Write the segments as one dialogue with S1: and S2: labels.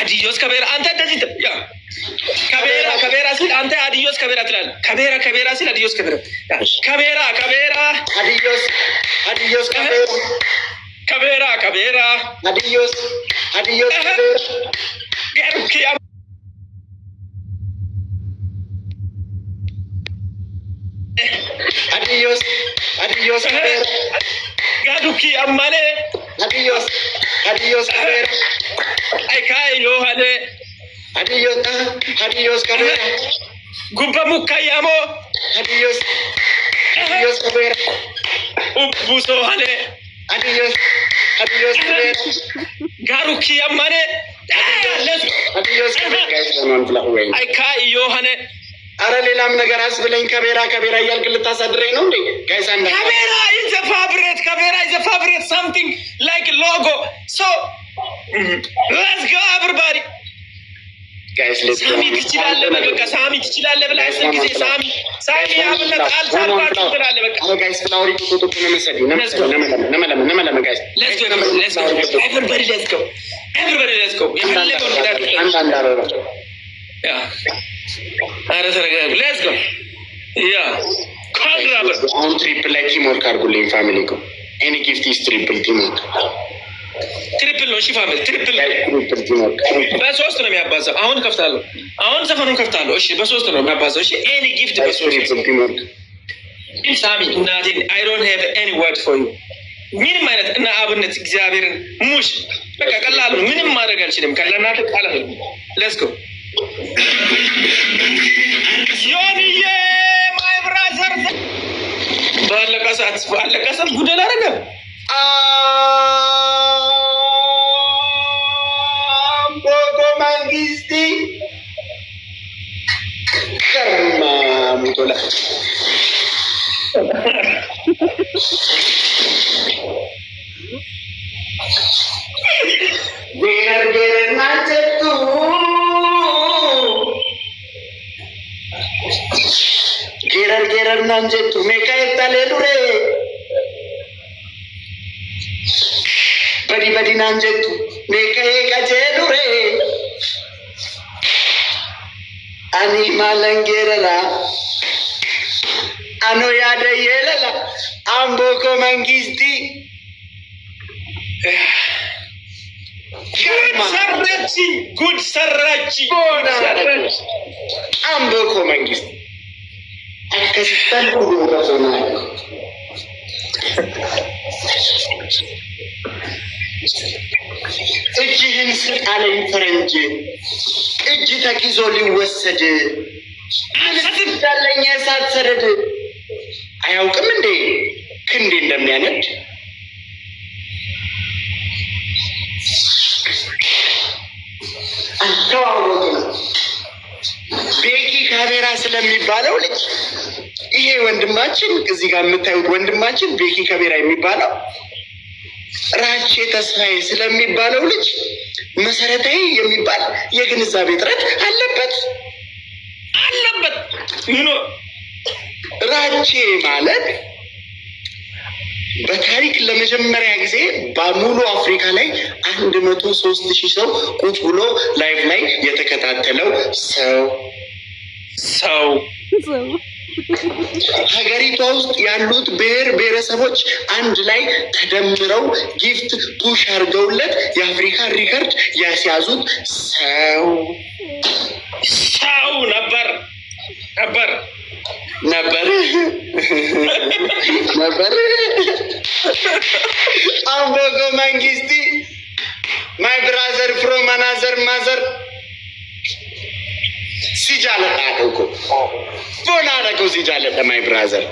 S1: አዲዮስ ከቤራ አንተ እንደዚህ ከቤራ ከቤራ ሲል አንተ አዲዮስ ከቤራ ትላለህ። ከቤራ ከቤራ ሲል አዲዮስ ከቤራ ከቤራ ከቤራ
S2: አዲዮስ አዲዮስ ከቤራ
S1: ከቤራ ከቤራ
S2: አዲዮስ አዲዮስ ከቤራ አዲዮስ አዲዮስ ከቤራ
S1: ጋዱኪ አማሌ
S2: አዲዮስ Adiós, Cabrera.
S1: Ay, cae, yo, adios
S2: Adiós, adios Cabrera.
S1: Gumba Mukayamo.
S2: adios, adios Cabrera.
S1: Un buzo, adios,
S2: adios Adiós, Cabrera.
S1: Garuki, amane.
S2: Adiós, Cabrera.
S1: Ay, cae, hane. jale.
S2: አረ ሌላም ነገር አስብለኝ። ከቤራ ከቤራ እያልክ ልታሳድረኝ ነው እንዴ? ጋይሳ
S1: ከቤራ ኢዘ ፋብሬት Let's go everybody. ሳሚ ትችላለህ፣ በቃ ሳሚ ትችላለህ ብለህ አስር ጊዜ ሳሚ ሳሚ አብነ ቃል ሳልባት ትችላለህ። በቃ ኤቨሪበዲ ሌትስ ጎ ኤቨሪበዲ ሌትስ ጎ
S2: የፈለገውን ኧረ
S1: ተረጋጋ። ሌትስ ጎ ያ ካል
S2: አሁን ትሪፕል ላይ ቲም ወርክ አድርጉልኝ ፋሚሊ እኔ ጊፍት ኢዝ ትሪፕል ቲም ወርክ
S1: ትሪፕል ነው ሺፋ መል ትሪፕል በሶስት ነው የሚያባዛው። አሁን ከፍታለሁ። አሁን ዘፈኑን ከፍታለሁ። እሺ በሶስት ነው የሚያባዛው። እሺ ኤኒ ጊፍት በሶስት ሳሚ እናቴን አይ ዶንት ሀቭ ኤኒ ወርድ ፎር ዩ ምንም አይነት እና አብነት እግዚአብሔርን ሙሽ በቃ ቀላሉ ምንም ማድረግ አልችልም። ከለናት ቃለ ለስኮ ዮንዬ ማይ ብራዘር ባለቀሰት ባለቀሰት ጉደል አረገ Calma, Nicolás. गिर गिर नच तू गिरर गिरर म्हणजे तुम्ही काय तलेलू रे बरी बरी नांजे तू मी काय का जेलू रे ಅನಿಮಲಂಗೇರಲ ಅನುಯಾದ ಹೇಳಲ ಅಂಬೋಕೋ ಮಂಗಿಸ್ತಿ ሰረቺ ጉድ ሰራች አንበኮ መንግስት እጅህን ስጥ አለኝ ፈረንጅ፣ እጅ ተኪዞ ሊወሰድ አለኝ የእሳት ሰደድ። አያውቅም እንዴ ክንዴ እንደሚያነድ አልተዋወቅም ቤኪ ካቤራ ስለሚባለው ልጅ ይሄ ወንድማችን እዚህ ጋር የምታዩት ወንድማችን ቤኪ ከቤራ የሚባለው ራቼ ተስፋዬ ስለሚባለው ልጅ መሰረታዊ የሚባል የግንዛቤ ጥረት አለበት አለበት ራቼ ማለት በታሪክ ለመጀመሪያ ጊዜ በሙሉ አፍሪካ ላይ አንድ መቶ ሶስት ሺህ ሰው ቁጭ ብሎ ላይቭ ላይ የተከታተለው ሰው ሰው ሀገሪቷ ውስጥ ያሉት ብሔር ብሔረሰቦች አንድ ላይ ተደምረው ጊፍት ፑሽ አድርገውለት የአፍሪካ ሪከርድ ያስያዙት ሰው ሰው ነበር ነበር ነበር ነበር አምቦጎ መንግስቲ ማይ ብራዘር ፍሮም አናዘር ማዘር ሲጃለጣ እኮ ቦና ረኮ ሲጃለጣ ማይ ብራዘር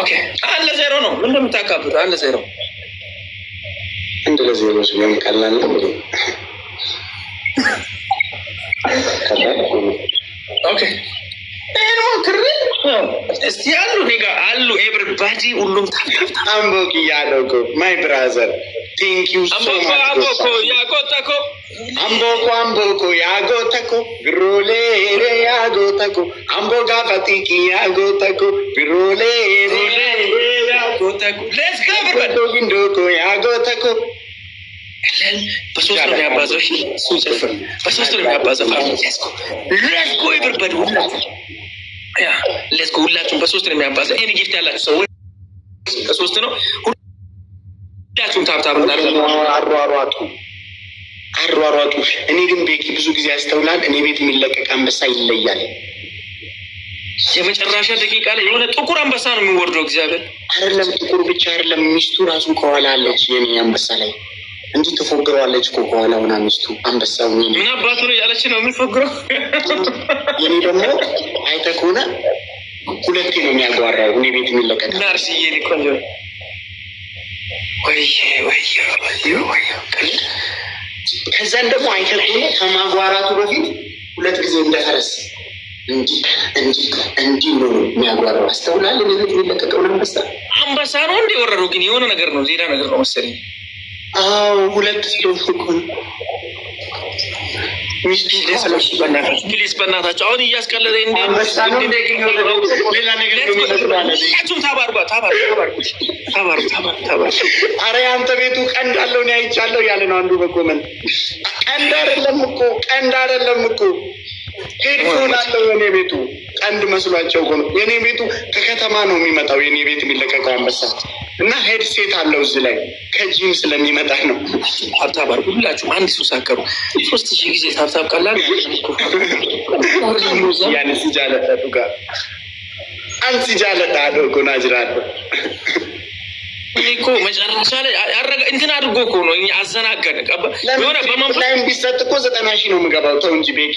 S1: ኦኬ አንድ ለዜሮ ነው። ምን እንደምታካብዱ አንድ ለዜሮ
S2: አንድ ለዜሮ ሲሆን ቀላል ነው።
S1: ይሄን ሞክር እስቲ አሉ ኔጋ አሉ ኤብሪባዲ ሁሉም
S2: አምቦክ እያለው እኮ
S1: በሶስት ነው የሚያባዘው እሱ ነው የሚያባዘው ሌስኮ ሁላችሁም በሶስት ነው የሚያባዘው ይህን ጊፍት ያላችሁ ሰዎች በሶስት ነው ሁላችሁም ታብታብ
S2: አሯሯጡ አሯሯጡ እኔ ግን ቤኪ ብዙ ጊዜ ያስተውላል እኔ ቤት የሚለቀቅ አንበሳ ይለያል
S1: የመጨረሻ ደቂቃ ላይ የሆነ ጥቁር አንበሳ ነው የሚወርደው እግዚአብሔር
S2: አይደለም ጥቁር ብቻ አይደለም ሚስቱ ራሱ ከኋላ አለች የኔ አንበሳ ላይ እንጂ ትፎግረዋለች እኮ በኋላ ሆና ሚስቱ አንበሳ ምን
S1: አባቱ ነው ያለች ነው የምንፎግረው።
S2: እኔ ደግሞ አይተህ ከሆነ ሁለቴ ነው የሚያጓራው እኔ ቤት የሚለቀቅ ናርስዬ ከዛን ደግሞ አይተህ ከሆነ ከማጓራቱ በፊት ሁለት ጊዜ እንደፈረስ እንዲህ ነው የሚያጓራው። አስተውላለን ቤት የሚለቀቀውን አንበሳ
S1: አንበሳ ነው እንዲወረረው ግን የሆነ ነገር ነው ዜና ነገር ነው መሰለኝ
S2: ሁለት ስለሆንኩ እኮ ነው።
S1: በእናታቸው አሁን እያስቀለጠኝ
S2: ኧረ የአንተ ቤቱ ቀንድ አለው እኔ አይቻለሁ ያለ ነው አንዱ በጎመን ቀንድ አይደለም እኮ ቀንድ አይደለም እኮ ሄድፎን አለው የኔ ቤቱ ቀንድ መስሏቸው የኔ ቤቱ ከከተማ ነው የሚመጣው የኔ ቤት የሚለቀቀው አንበሳ እና ሄድ ሴት አለው እዚህ ላይ ከጂም ስለሚመጣ ነው።
S1: ታብታብ አድርጉ ሁላችሁም፣ አንድ ሰው ሳከሩ ሶስት ሺህ ጊዜ ታብታብ ቀላል
S2: ያንስ ጋር አንስ ጃለጣ አለ ጎና
S1: እኮ መጨረሻ ላይ ያረጋ እንትን አድርጎ እኮ ነው እኛ አዘናገነ
S2: ሆነ በመንፈስ ቢሰጥ እኮ ዘጠና ሺህ ነው የምገባው። ተው እንጂ ቤኪ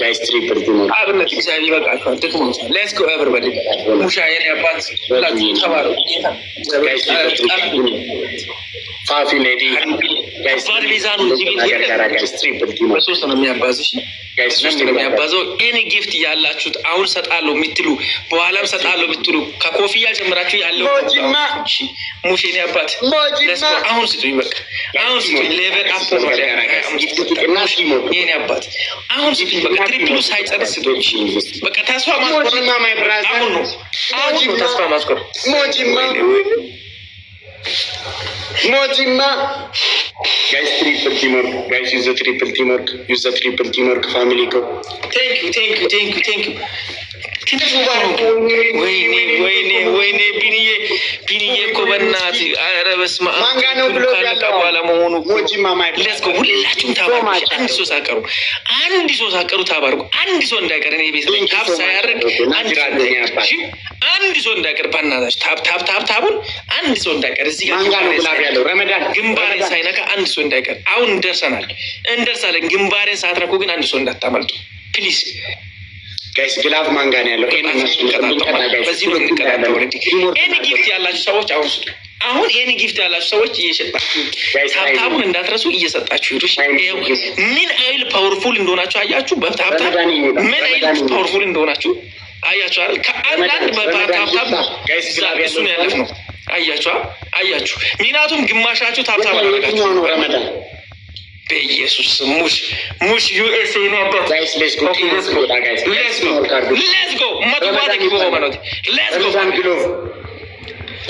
S2: ዳይስትሪ ብርድ ነው።
S1: አብነት እግዚአብሔር ይበቃቸዋል። ጥቅሙ ሌስ ሙሻ የኔ አባት ፋፊ ነው የሚያባዝሽ ስለሚያባዘው ኤኒ ጊፍት ያላችሁት አሁን ሰጣለሁ የምትሉ በኋላም ሰጣለሁ የምትሉ ከኮፍያ ጀምራችሁ ያለው ሙሴኔ ያባት። አሁን ስጡኝ፣ በቃ አሁን ስጡኝ፣ ሌቨል አፕ ይሄኔ አባት አሁን ስጡኝ፣ በቃ ትሪፕሉ ሳይጨርስ ስጡኝ። በቃ ተስፋ ማስቆር አሁን ነው፣ አሁን ነው ተስፋ ማስቆር
S2: ኖጂማ ጋይስ ትሪፕል ቲምወርክ ጋይስ ዩዘ ትሪፕል ቲምወርክ ዩዘ ትሪፕል ቲምወርክ ፋሚሊ ጎ
S1: ቴንክ ዩ ቴንክ ዩ ቴንክ ዩ ቴንክ ዩ ወይኔ ወይኔ ወይኔ ቢንዬ ቢኒዬ እኮ በእናት ኧረ በስመ
S2: አብ ባለመሆኑ
S1: ሁላችሁም ታባርኩ። አንድ ሰው ሳቀሩ አንድ ሰው ሳቀሩ ታባርኩ። አንድ ሰው እንዳይቀር እኔ ቤት ላይ ታብ ሳያደርግ አንድ ሰው እንዳይቀር በእናታችሁ ታብ ታብ ታብ ታቡን አንድ ሰው እንዳይቀር እዚህ ግንባሬን ሳይነካ አንድ ሰው እንዳይቀር። አሁን እንደርሰናል እንደርሳለን። ግንባሬን ሳትነኩ ግን አንድ ሰው እንዳታመልጡ ፕሊዝ።
S2: ጋይስ ግላቭ ማንጋን ጋር ነው ያለው? ኤን ጊፍት
S1: ያላችሁ ሰዎች አሁን ስጡ። አሁን ይህን ጊፍት ያላችሁ ሰዎች እየሸጣችሁ ሀብታቡን እንዳትረሱ እየሰጣችሁ ሄዶች ምን አይል ፓወርፉል እንደሆናችሁ አያችሁ። በሀብታ ምን አይል ፓወርፉል እንደሆናችሁ አያችኋል። ከአንዳንድ በሀብታብ እሱ ያለፍ ነው። አያችኋል፣ አያችሁ። ሚናቱም ግማሻችሁ ታብታብ አደረጋችሁ በኢየሱስ ስም ሙሽ ሙሽ ዩኤስ ዩናይትድ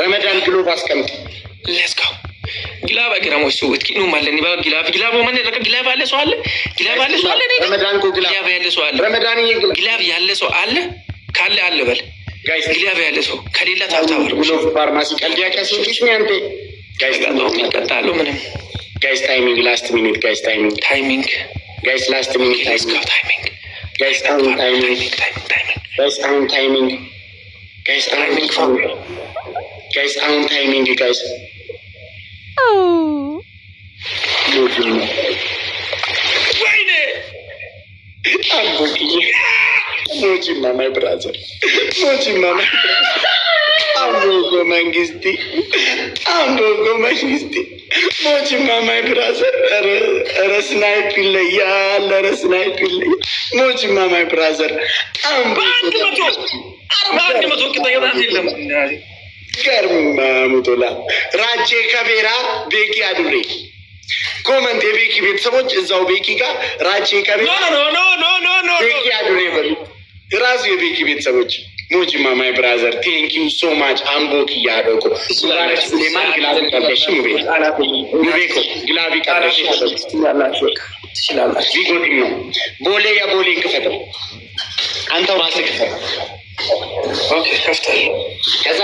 S2: ረመዳን ግሎቭ አስቀምጥ።
S1: ግላብ ሰው እትኪ ነው ማለት ነው። ግላብ ግላብ ግላብ አለ ሰው አለ ግላብ አለ ሰው አለ
S2: ረመዳን ኮ ግላብ ያለ ሰው አለ ረመዳን
S1: ግላብ ያለ ሰው አለ ካለ አለ በል ጋይስ ግላብ ያለ ሰው ከሌላ
S2: ግሎቭ ፋርማሲ አንተ ጋይስ ምንም Guys, timing, last minute, guys, timing. Timing. Guys, last minute,
S1: guys, got timing.
S2: Guys, on timing. Timing, timing. Guys, on timing. Guys, on timing. timing. Guys, on timing, you guys. Oh. Wait it! I'm booking you. Mojima, my brother. Mojima, my brother. አንጎጎ መንግስቲ አንጎጎ መንግስቲ ሞችማ ማይ ብራዘር ኧረ ስናይፕ ይለያል። ኧረ ስናይፕ ይለያል። ሞችማ ማይ ብራዘር ገርማ ሙቶላ ራቼ ከቤራ ቤኪ አዱሬ ኮመንት የቤኪ ቤተሰቦች እዛው ቤኪ ጋር ራቼ ከቤራ ቤኪ አዱሬ በሉ ራሱ የቤኪ ቤተሰቦች ሙጅማ ማይ ብራዘር ቴንክ ዩ ሶ ማች አምቦክ እያደጉ ሱሌማን ግላቢ ቀረሽ ሙቤ
S1: ሙቤኮ ግላቢ ቀረሽ ትችላላችሁ። ነው ቦሌ የቦሌ ክፈተው፣ አንተው ራስ ክፈተው። ከዛ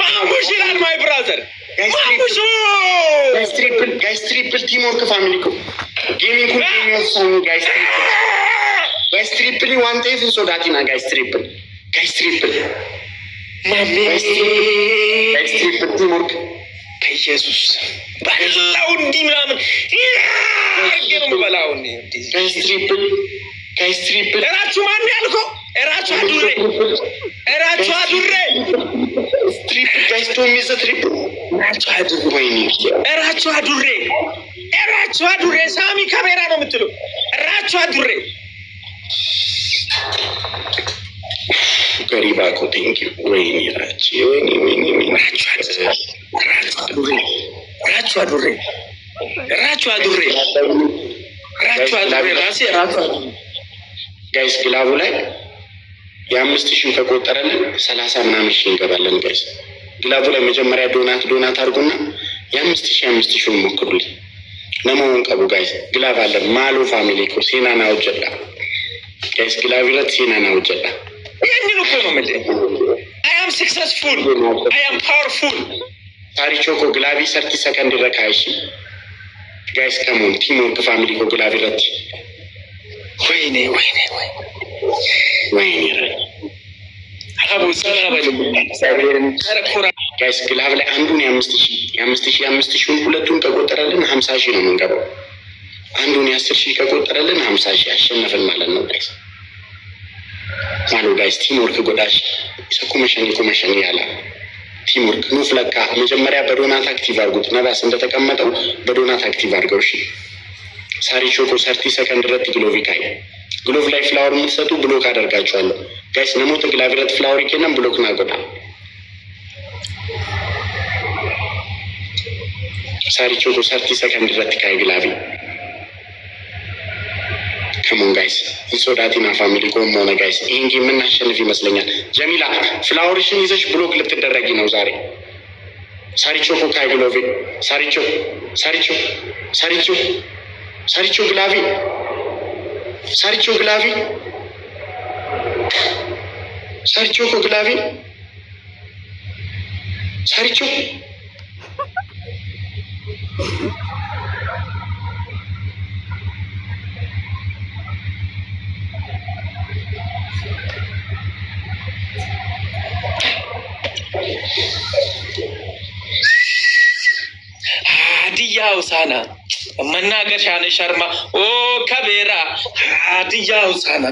S1: ማሙሽላል ማይ ብራዘር
S2: ጋይስ ትሪፕል ቲሞርክ ፋሚሊ ኮ ጌሚንግ ሁሉ የሚወሳኙ ጋይስ ትሪፕል ጋይስ ትሪፕል ዋንቴ ፍንሶ ጋይስ ትሪፕል ከስትሪፕል ማሜ ከስትሪፕል ቲምወርክ
S1: ከኢየሱስ በላው እንዲህ ምናምን በላው
S2: ከስትሪፕል ከስትሪፕል
S1: እራችሁ ማን ያልከው እራችሁ አዱሬ እራችሁ አዱሬ
S2: ስትሪፕል ጋይስቶ ሚዘ ትሪፕል
S1: እራችሁ አዱሬ እራችሁ አዱሬ ሳሚ ካሜራ ነው የምትሉ እራችሁ አዱሬ
S2: ገሪባ ኮቴንኪ ወይኒ ናች ወይኒ ወይኒ
S1: ራቹ አዱሬ ራቹ አዱሬ ራቹ አዱሬ ራሴ ራቹ
S2: ጋይስ ግላቡ ላይ የአምስት ሺህ ተቆጠረልን ሰላሳ ምናምን ሺህ እንገባለን ጋይስ ግላቡ ላይ መጀመሪያ ዶናት ዶናት አድርጉና የአምስት ሺህ አምስት ሺህ ሞክሩልኝ ለመሆን ቀቡ ጋይስ ግላብ አለን ማሉ ፋሚሊ ኮ ሴናና ውጀላ ጋይስ ግላብ ይረት ሴናና ውጀላ
S1: ይህንን እኮ ነው የምልህ። አያም ስክሰስፉል አያም ፓወርፉል
S2: ታሪቾኮ ግላቢ ሰርቲ ሰከንድ ረካይሽ ጋይስ ከሞን ቲሞርክ ፋሚሊ ኮ ግላቢ ረች
S1: ወይኔ ወይኔ ወይኔ አቡ
S2: ጋይስ ግላብ ላይ አንዱን የአምስት ሺ የአምስት ሺ የአምስት ሺውን ሁለቱን ከቆጠረልን ሀምሳ ሺ ነው የምንገባው። አንዱን የአስር ሺ ከቆጠረልን ሀምሳ ሺ አሸነፍን ማለት ነው ጋይስ። ካልወዳጅ ቲምወርክ ጎዳሽ ሰኩመሸኒ ኩመሸኒ ያለ ቲምወርክ ኑፍ ለካ መጀመሪያ በዶናት አክቲቭ አድርጉት። ነዳስ እንደተቀመጠው በዶናት አክቲቭ አድርገው እሺ። ሳሪቾኮ ሰርቲ ሰከንድ ረት ግሎቪካይ ግሎቭ ላይ ፍላወር የምትሰጡ ብሎክ አደርጋቸዋለሁ ጋይስ ነሞ ግላቪረት ፍላወር ይኬነም ብሎክ ናጎዳ ሳሪቾኮ ሰርቲ ሰከንድ ረት ካይ ግላቪ ከሞን ጋይስ እንሶዳቲና ፋሚሊ ጎን ሆነ ጋይስ፣ ይህን ጌም የምናሸንፍ ይመስለኛል። ጀሚላ ፍላወርሽን ይዘሽ ብሎክ ልትደረጊ ነው ዛሬ። ሳሪቾ ኮካይ ግሎቪ ሳሪቾ ሳሪቾ ሳሪቾ ሳሪቾ ግላቪ ሳሪቾ ግላቪ ሳሪቾ ኮ ግላቪ ሳሪቾ
S1: ሀዲያ ሆሳዕና መናገሻ ነ ሸርማ ኦ ከቤራ ሀዲያ ውሳና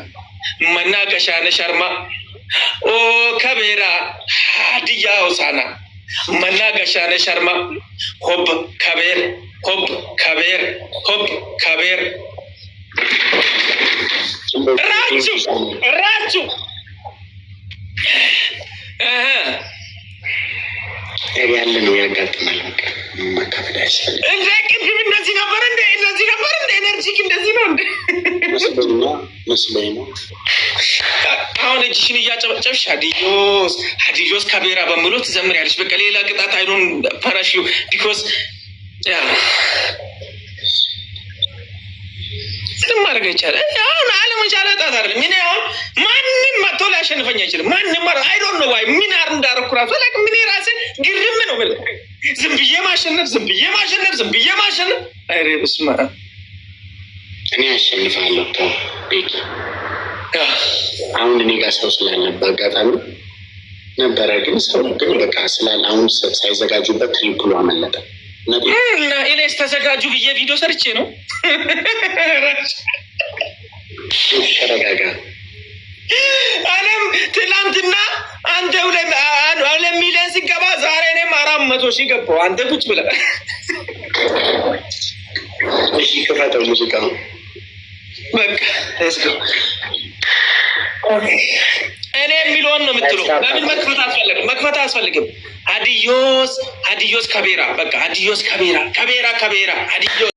S1: መናገሻ ነሽ ሸርማ ኦ ከቤራ ሀዲያ ሆሳዕና መናገሻ ነሽ ሸርማ ሆብ ከቤር ሆብ ከቤር ሆብ ከቤር ራችሁ ራችሁ
S2: ያለ ነው ያጋጥማል።
S1: ማካፈል ያስፈልግ እንደ ቅድም እንደዚህ ነበር እንደ እንደዚህ ነበር እንደ ኤነርጂክ እንደዚህ ነው
S2: እንደ መስሎኝ ነው
S1: አሁን እጅሽን እያጨበጨብሽ አዲዮስ አዲዮስ ካሜራ በምሎ ትዘምር ያለች በቃ ሌላ ቅጣት አይኖን ፐረሽ ቢኮዝ ምንም ማድረግ አይቻልም። አሁን አለመቻል ጣት አይደለም። እኔ አሁን ማንም መጥቶ ሊያሸንፈኝ አይችልም። ማንም አይዶን ነው ዋይ ምን እንዳረኩ ራሱ ምን ራሴ ግርም ነው። ዝም ብዬ ማሸነፍ፣ ዝም ብዬ ማሸነፍ፣ ዝም ብዬ ማሸነፍ። ኧረ በስመ አብ
S2: እኔ አሸንፋለሁ። ቤኪ አሁን እኔ ጋር ሰው ስላልነበር አጋጣሚ ነበረ፣ ግን ሰው ግን በቃ ስላል አሁን ሳይዘጋጁበት ትሪፕሉ አመለጠ።
S1: ተዘጋጁ ብዬ ቪዲዮ ሰርቼ ነው የሚገባው አንተ ቁጭ ብለህ
S2: እሺ፣ ክፈተው ሙዚቃ ነው
S1: በቃ እኔ የሚለውን ነው የምትለው። ለምን መክፈት አስፈልግም? መክፈት አስፈልግም። አዲዮስ አዲዮስ ከቤራ በቃ አዲዮስ ከቤራ ከቤራ ከቤራ አዲዮስ